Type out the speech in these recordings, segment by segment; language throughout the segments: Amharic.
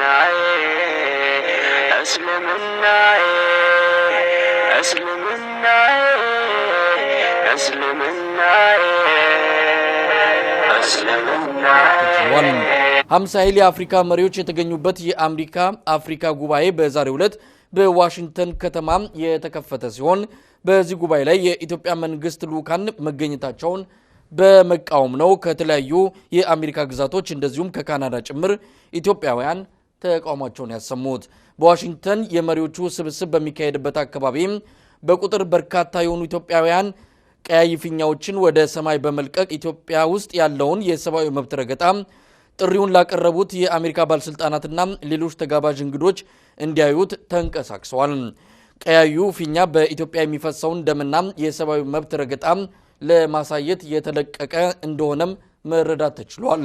እስልምናዬ እስልምናዬ እስልምናዬ እስልምናዬ እስልምናዬ ሀምሳ ያህል የአፍሪካ መሪዎች የተገኙበት የአሜሪካ አፍሪካ ጉባኤ በዛሬው ዕለት በዋሽንግተን ከተማ የተከፈተ ሲሆን በዚህ ጉባኤ ላይ የኢትዮጵያ መንግስት ልዑካን መገኘታቸውን በመቃወም ነው ከተለያዩ የአሜሪካ ግዛቶች እንደዚሁም ከካናዳ ጭምር ኢትዮጵያውያን ተቃውሟቸውን ያሰሙት። በዋሽንግተን የመሪዎቹ ስብስብ በሚካሄድበት አካባቢም በቁጥር በርካታ የሆኑ ኢትዮጵያውያን ቀያይ ፊኛዎችን ወደ ሰማይ በመልቀቅ ኢትዮጵያ ውስጥ ያለውን የሰብአዊ መብት ረገጣ ጥሪውን ላቀረቡት የአሜሪካ ባለሥልጣናትና ሌሎች ተጋባዥ እንግዶች እንዲያዩት ተንቀሳቅሰዋል። ቀያዩ ፊኛ በኢትዮጵያ የሚፈሰውን ደምና የሰብአዊ መብት ረገጣ ለማሳየት የተለቀቀ እንደሆነም መረዳት ተችሏል።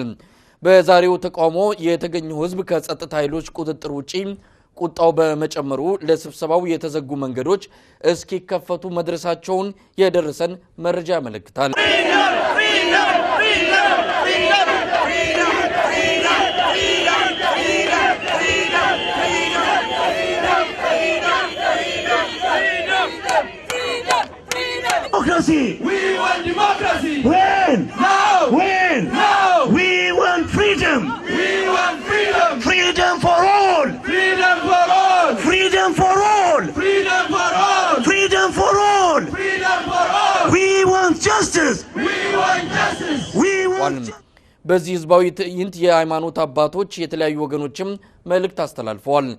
በዛሬው ተቃውሞ የተገኘው ህዝብ ከጸጥታ ኃይሎች ቁጥጥር ውጪ ቁጣው በመጨመሩ ለስብሰባው የተዘጉ መንገዶች እስኪከፈቱ መድረሳቸውን የደረሰን መረጃ ያመለክታል። ዲሞክራሲ በዚህ ህዝባዊ ትዕይንት የሃይማኖት አባቶች፣ የተለያዩ ወገኖችም መልእክት አስተላልፈዋል።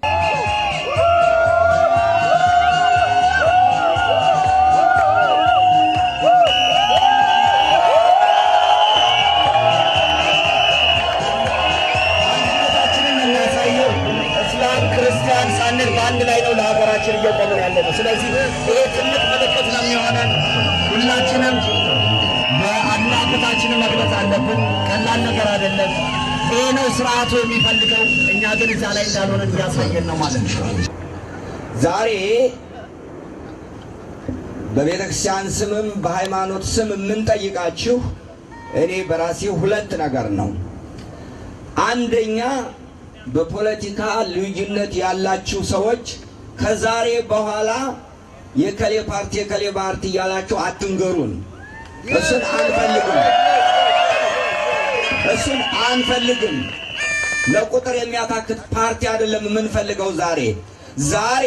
በአንድ ላይ ነው ለሀገራችን እየቆምን ያለ ነው። ስለዚህ ቀላል ነገር አይደለም። ይህ ነው ስርዓቱ የሚፈልገው። እኛ ግን እዛ ላይ እንዳልሆነ እያሳየን ነው ማለት ነው። ዛሬ በቤተ ክርስቲያን ስምም በሃይማኖት ስም የምንጠይቃችሁ እኔ በራሴ ሁለት ነገር ነው። አንደኛ በፖለቲካ ልዩነት ያላችሁ ሰዎች ከዛሬ በኋላ የከሌ ፓርቲ የከሌ ፓርቲ እያላችሁ አትንገሩን። እሱን አንፈልግም። እሱን አንፈልግም። ለቁጥር የሚያታክት ፓርቲ አይደለም የምንፈልገው። ዛሬ ዛሬ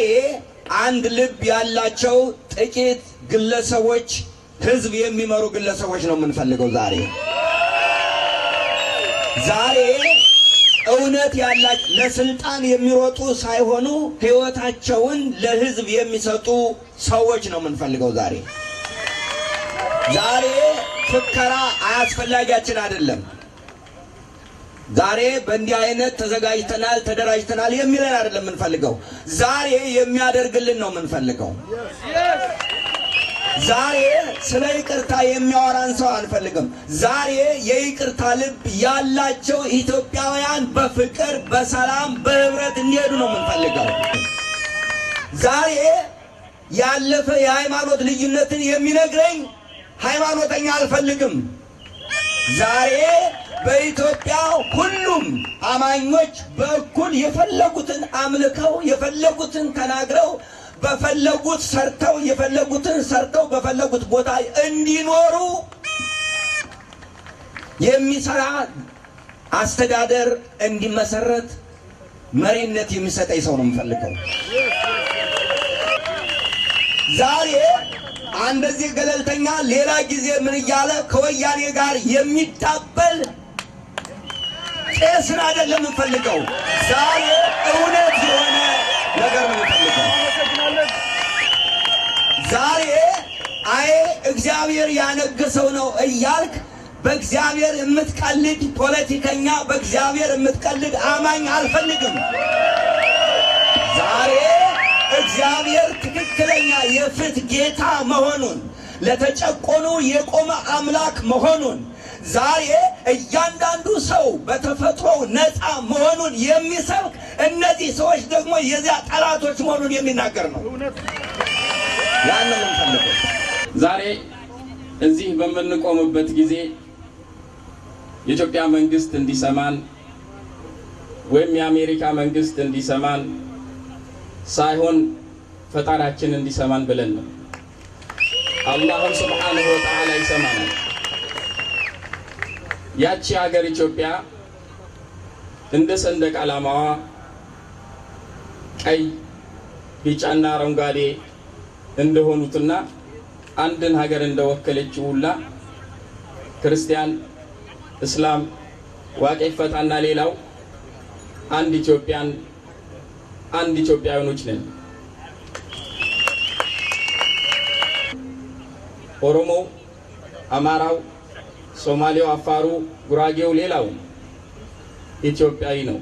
አንድ ልብ ያላቸው ጥቂት ግለሰቦች ህዝብ የሚመሩ ግለሰቦች ነው የምንፈልገው። ዛሬ ዛሬ እውነት ያላቸው ለስልጣን የሚሮጡ ሳይሆኑ ህይወታቸውን ለህዝብ የሚሰጡ ሰዎች ነው የምንፈልገው። ዛሬ ዛሬ ፍከራ አያስፈላጊያችን አይደለም። ዛሬ በእንዲህ አይነት ተዘጋጅተናል ተደራጅተናል የሚለን አይደለም የምንፈልገው። ዛሬ የሚያደርግልን ነው የምንፈልገው። ዛሬ ስለ ይቅርታ የሚያወራን ሰው አንፈልግም። ዛሬ የይቅርታ ልብ ያላቸው ኢትዮጵያውያን በፍቅር በሰላም በህብረት እንዲሄዱ ነው የምንፈልገው። ዛሬ ያለፈ የሃይማኖት ልዩነትን የሚነግረኝ ሃይማኖተኛ አልፈልግም። ዛሬ በኢትዮጵያ ሁሉም አማኞች በእኩል የፈለጉትን አምልከው የፈለጉትን ተናግረው በፈለጉት ሰርተው የፈለጉትን ሰርተው በፈለጉት ቦታ እንዲኖሩ የሚሰራ አስተዳደር እንዲመሰረት መሪነት የሚሰጠኝ ሰው ነው የምፈልገው። ዛሬ አንደዚህ ገለልተኛ ሌላ ጊዜ ምን እያለ ከወያኔ ጋር የሚታበል ቄስን አይደለም የምንፈልገው፣ ዛሬ እውነት የሆነ ነገር ነው የምንፈልገው። ዛሬ አይ እግዚአብሔር ያነገሰው ነው እያልክ በእግዚአብሔር የምትቀልድ ፖለቲከኛ፣ በእግዚአብሔር የምትቀልድ አማኝ አልፈልግም። ዛሬ እግዚአብሔር ትክክለኛ የፍት ጌታ መሆኑን ለተጨቆኑ የቆመ አምላክ መሆኑን ዛሬ እያንዳንዱ ሰው በተፈጥሮ ነፃ መሆኑን የሚሰብክ እነዚህ ሰዎች ደግሞ የዚያ ጠላቶች መሆኑን የሚናገር ነው። ያን ዛሬ እዚህ በምንቆምበት ጊዜ የኢትዮጵያ መንግስት እንዲሰማን ወይም የአሜሪካ መንግስት እንዲሰማን ሳይሆን ፈጣሪያችን እንዲሰማን ብለን ነው። አላህም ስብሓነሁ ወተዓላ ይሰማናል። ያቺ ሀገር ኢትዮጵያ እንደ ሰንደቅ ዓላማዋ ቀይ፣ ቢጫና አረንጓዴ እንደሆኑትና አንድን ሀገር እንደወከለችው ሁላ ክርስቲያን፣ እስላም፣ ዋቄ ፈታና ሌላው አንድ ኢትዮጵያን አንድ ኢትዮጵያውያኖች ነን። ኦሮሞው፣ አማራው ሶማሌው፣ አፋሩ፣ ጉራጌው ሌላው ኢትዮጵያዊ ነው።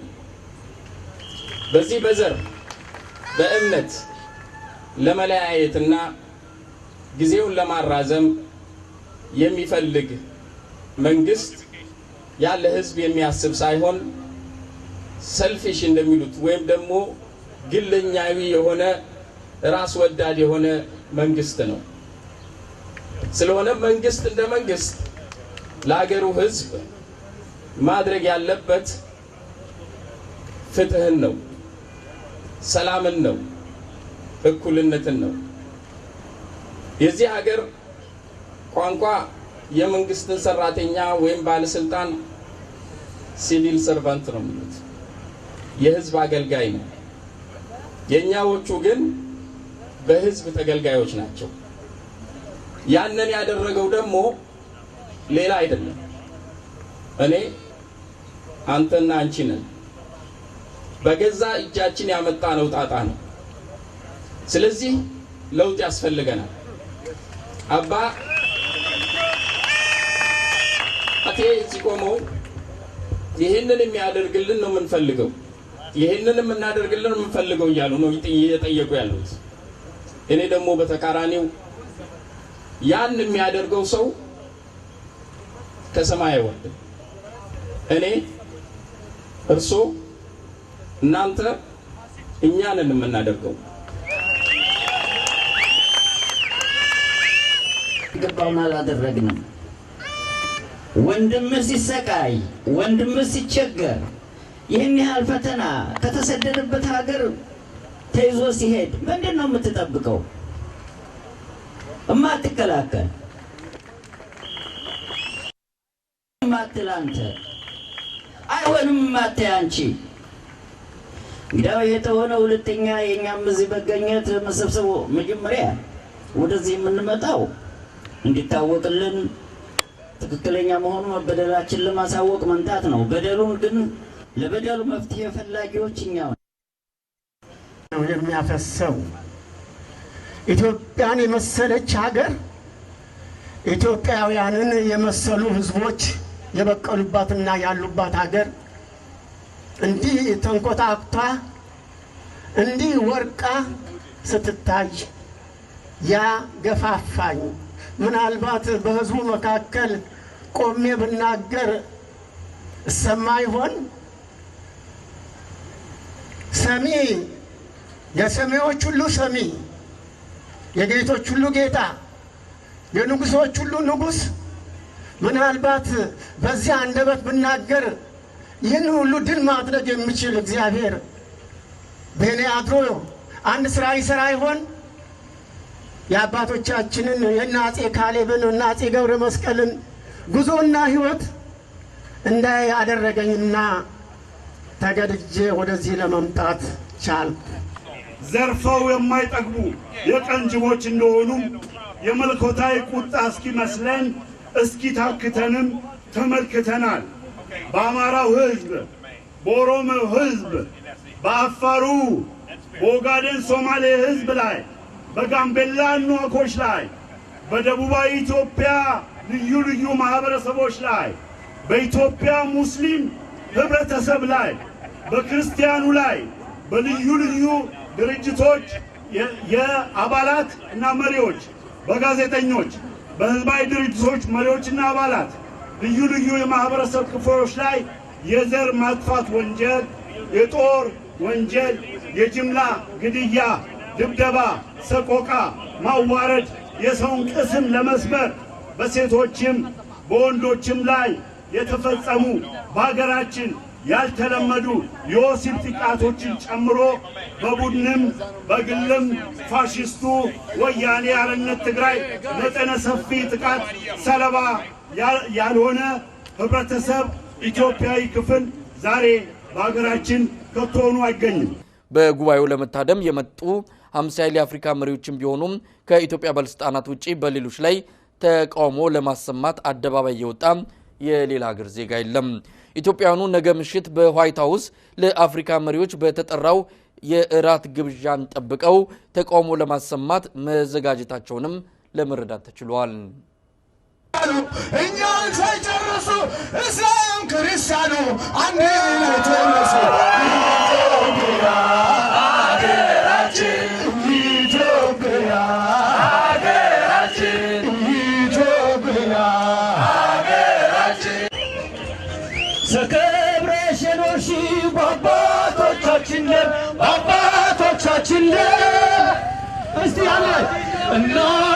በዚህ በዘር በእምነት ለመለያየትና ጊዜውን ለማራዘም የሚፈልግ መንግስት ያለ ህዝብ የሚያስብ ሳይሆን ሰልፊሽ እንደሚሉት ወይም ደግሞ ግለኛዊ የሆነ ራስ ወዳድ የሆነ መንግስት ነው። ስለሆነ መንግስት እንደ መንግስት ለአገሩ ህዝብ ማድረግ ያለበት ፍትህን ነው፣ ሰላምን ነው፣ እኩልነትን ነው። የዚህ ሀገር ቋንቋ የመንግስትን ሰራተኛ ወይም ባለስልጣን ሲቪል ሰርቫንት ነው የሚሉት፣ የህዝብ አገልጋይ ነው። የእኛዎቹ ግን በህዝብ ተገልጋዮች ናቸው። ያንን ያደረገው ደግሞ ሌላ አይደለም። እኔ አንተና አንቺ ነን። በገዛ እጃችን ያመጣ ነው ጣጣ ነው። ስለዚህ ለውጥ ያስፈልገናል። አባ አቴ ሲቆመው ይህንን የሚያደርግልን ነው የምንፈልገው፣ ይህንን የምናደርግልን ነው የምንፈልገው እያሉ ነው እየጠየቁ ያሉት። እኔ ደግሞ በተቃራኒው ያን የሚያደርገው ሰው ከሰማይ አይወርድም። እኔ እርሶ፣ እናንተ እኛ ነን የምናደርገው። ገባውን አላደረግንም። ወንድም ሲሰቃይ፣ ወንድም ሲቸገር ይህን ያህል ፈተና ከተሰደደበት ሀገር ተይዞ ሲሄድ ምንድን ነው የምትጠብቀው? እማትከላከል ማትል አንተ አይሆንም ማታይ አንቺ እንግዲያው የተሆነ ሁለተኛ የእኛም እዚህ መገኘት መሰብሰቡ መጀመሪያ ወደዚህ የምንመጣው እንዲታወቅልን ትክክለኛ መሆኑ በደላችን ለማሳወቅ መምጣት ነው። በደሉን ግን ለበደሉ መፍትሄ ፈላጊዎች እኛ ነው የሚያፈሰው። ኢትዮጵያን የመሰለች ሀገር፣ ኢትዮጵያውያንን የመሰሉ ህዝቦች የበቀሉባትና ያሉባት ሀገር እንዲህ ተንኮታክቷ እንዲህ ወርቃ ስትታይ ያ ገፋፋኝ። ምናልባት በህዝቡ መካከል ቆሜ ብናገር እሰማ ይሆን? ሰሚ የሰሚዎች ሁሉ ሰሚ፣ የጌቶች ሁሉ ጌታ፣ የንጉሶች ሁሉ ንጉሥ ምናልባት በዚያ አንደበት ብናገር ይህን ሁሉ ድል ማድረግ የሚችል እግዚአብሔር በእኔ አድሮ አንድ ስራ ይሰራ ይሆን? የአባቶቻችንን የእነ አጼ ካሌብን እና አጼ ገብረ መስቀልን ጉዞና ህይወት እንዳይ አደረገኝና ተገድጄ ወደዚህ ለመምጣት ቻልኩ። ዘርፈው የማይጠግቡ የቀንጅቦች እንደሆኑም የመለኮታዊ ቁጣ እስኪመስለን እስኪ ታክተንም ተመልክተናል። በአማራው ህዝብ በኦሮሞው ህዝብ በአፋሩ፣ በኦጋዴን ሶማሌ ህዝብ ላይ፣ በጋምቤላ ኖኮች ላይ፣ በደቡባዊ ኢትዮጵያ ልዩ ልዩ ማህበረሰቦች ላይ፣ በኢትዮጵያ ሙስሊም ህብረተሰብ ላይ፣ በክርስቲያኑ ላይ፣ በልዩ ልዩ ድርጅቶች የአባላት እና መሪዎች፣ በጋዜጠኞች በህዝባዊ ድርጅቶች መሪዎችና አባላት ልዩ ልዩ የማህበረሰብ ክፍሎች ላይ የዘር ማጥፋት ወንጀል፣ የጦር ወንጀል፣ የጅምላ ግድያ፣ ድብደባ፣ ሰቆቃ፣ ማዋረድ፣ የሰውን ቅስም ለመስበር በሴቶችም በወንዶችም ላይ የተፈጸሙ በሀገራችን ያልተለመዱ የወሲብ ጥቃቶችን ጨምሮ በቡድንም በግልም ፋሽስቱ ወያኔ ሓርነት ትግራይ መጠነ ሰፊ ጥቃት ሰለባ ያልሆነ ህብረተሰብ ኢትዮጵያዊ ክፍል ዛሬ በሀገራችን ከቶ አይገኝም። በጉባኤው ለመታደም የመጡ ሃምሳ ያህል የአፍሪካ መሪዎችም ቢሆኑም ከኢትዮጵያ ባለስልጣናት ውጭ በሌሎች ላይ ተቃውሞ ለማሰማት አደባባይ የወጣ የሌላ ሀገር ዜጋ የለም። ኢትዮጵያውያኑ ነገ ምሽት በዋይት ሀውስ ለአፍሪካ መሪዎች በተጠራው የእራት ግብዣን ጠብቀው ተቃውሞ ለማሰማት መዘጋጀታቸውንም ለመረዳት ተችሏል። እኛን ሳይጨርሱ እስላም ክርስቲያኑ አንድ ተከብረሽ የኖርሽው በአባቶቻችን ደም በአባቶቻችን ደም እስቲ ያለ እና